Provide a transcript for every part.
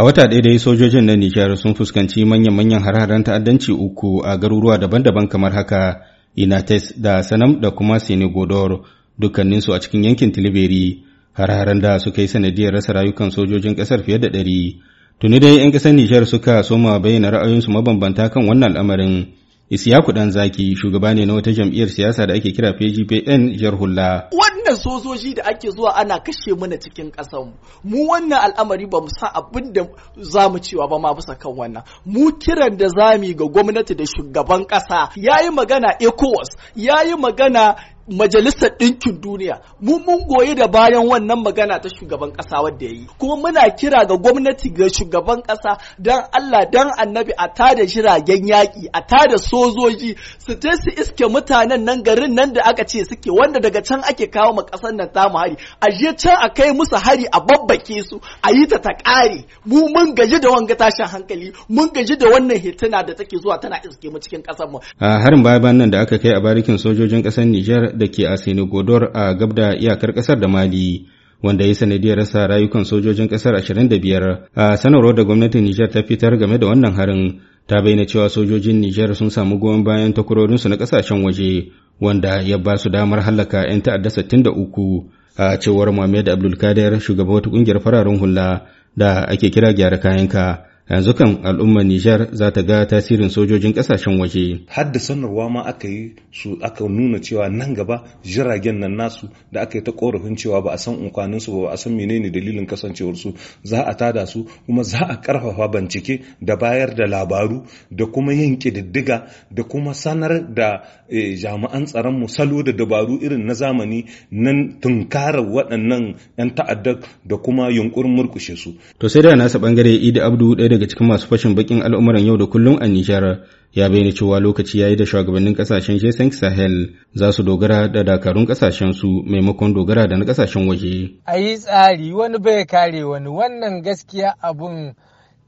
A wata ɗaya dai sojojin na Nijar sun fuskanci manyan-manyan har-haren ta'addanci uku a garuruwa daban-daban kamar haka Inates da Sanam da kuma Senegodor dukkaninsu a cikin yankin tilibiri har-haren da suka yi sanadiyar rasa rayukan sojojin ƙasar fiye da ɗari. Tuni dai 'yan ƙasar Nijar suka soma bayyana ra'ayoyinsu mabambanta kan wannan al'amarin. Isiyaku ɗan zaki shugaba ne na wata jam'iyyar siyasa da ake kira PGPN Jarhulla. wannan sojoji da ake zuwa ana kashe mana cikin ƙasarmu mu wannan al'amari ba mu sa abin da za mu cewa ba ma bisa kan wannan mu kiran da zami ga gwamnati da shugaban ƙasa yayi magana ecowas yayi magana majalisar ɗinkin duniya mu mun goyi da bayan wannan magana ta shugaban ƙasa wadda ya yi kuma muna kira ga gwamnati ga shugaban ƙasa don Allah don annabi a tada jiragen yaƙi a tada sojoji su je su iske mutanen nan garin nan da aka ce suke wanda daga can ake kawo ma ƙasar nan tamu hari a je can a kai musu hari a babbake su a yi ta ta ƙare mu mun gaji da wanga tashin hankali mun gaji da wannan hituna da take zuwa tana iske mu cikin ƙasar mu. a harin baya nan da aka kai a barikin sojojin ƙasar Nijar da ke a Senegodor a gab iyakar ƙasar da Mali. wanda ya sanadiyar rasa rayukan sojojin kasar 25 a sanarwar da gwamnatin Nijar ta fitar game da wannan harin ta bayyana cewa sojojin Nijar sun samu goyon bayan takwarorinsu na kasashen waje wanda ya ba su damar hallaka 'yan ta'adda 63 a cewar Muhammad Abdulkader shugaba wata ƙungiyar fararen hula da ake kira gyara kayanka yanzu kan al'ummar Nijar za ta ga tasirin sojojin kasashen waje. Hadda sanarwa ma aka yi su aka nuna cewa nan gaba jiragen nan nasu da aka yi ta korafin cewa ba a san unkwanin su ba a san menene dalilin kasancewar su za a tada su kuma za a karfafa bincike da bayar da labaru da kuma yin kididdiga da kuma sanar da eh, jami'an tsaron mu salo da dabaru irin na zamani nan tunkarar waɗannan 'yan ta'addar da kuma yunkurin murkushe su. To sai da nasa bangare Idi Abdu ɗaya daga cikin masu fashin bakin al'umuran yau da kullum a Nijar ya bayyana cewa lokaci yayi da shugabannin kasashen G5 Sahel za su dogara da dakarun kasashen su maimakon dogara da na kasashen waje. A yi tsari wani bai kare wani wannan gaskiya abun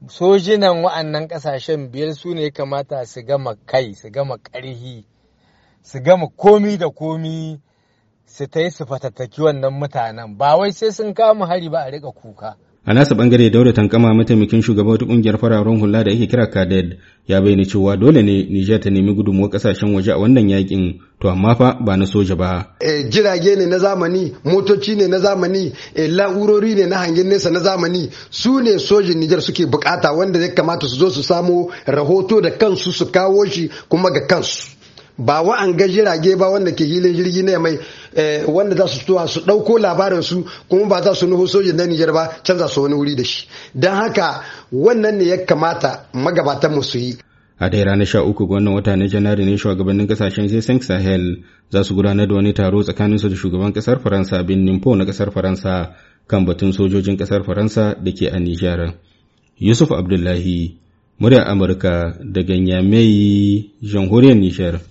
sojinan wa'annan kasashen biyar su ne kamata su gama kai su gama karhi su gama komi da komi su ta yi su fatattaki wannan mutanen ba wai sai sun kama hari ba a rika kuka. A nasa bangare Dauda Tankama mataimakin shugaban wata kungiyar fararen hula da yake kira Kaded ya bayyana cewa dole ne Nijar ta nemi gudunmuwar kasashen waje a wannan yakin to amma fa ba na soja ba. E, jirage ne na zamani, motoci ne na zamani, e, la'urori ne na hangen nesa na zamani su ne sojin Nijar suke bukata wanda ya kamata su zo su samo rahoto da kansu su kawo shi kuma ga kansu. ba ga jirage ba wanda ke hilin jirgi ne mai eh, wanda za su fitowa su ɗauko labarin kuma ba za su nuhu sojin na Nijar ba canza su wani wuri da shi don haka wannan ne ya kamata magabatan su yi a dai ranar sha uku ga wannan wata na janairu ne shugabannin kasashen jason sahel za su gudanar da wani taro tsakanin su da shugaban kasar faransa bin nimpo na kasar faransa kan batun sojojin kasar faransa da ke a nijar yusuf abdullahi murya amurka daga nyamai jamhuriyar nijar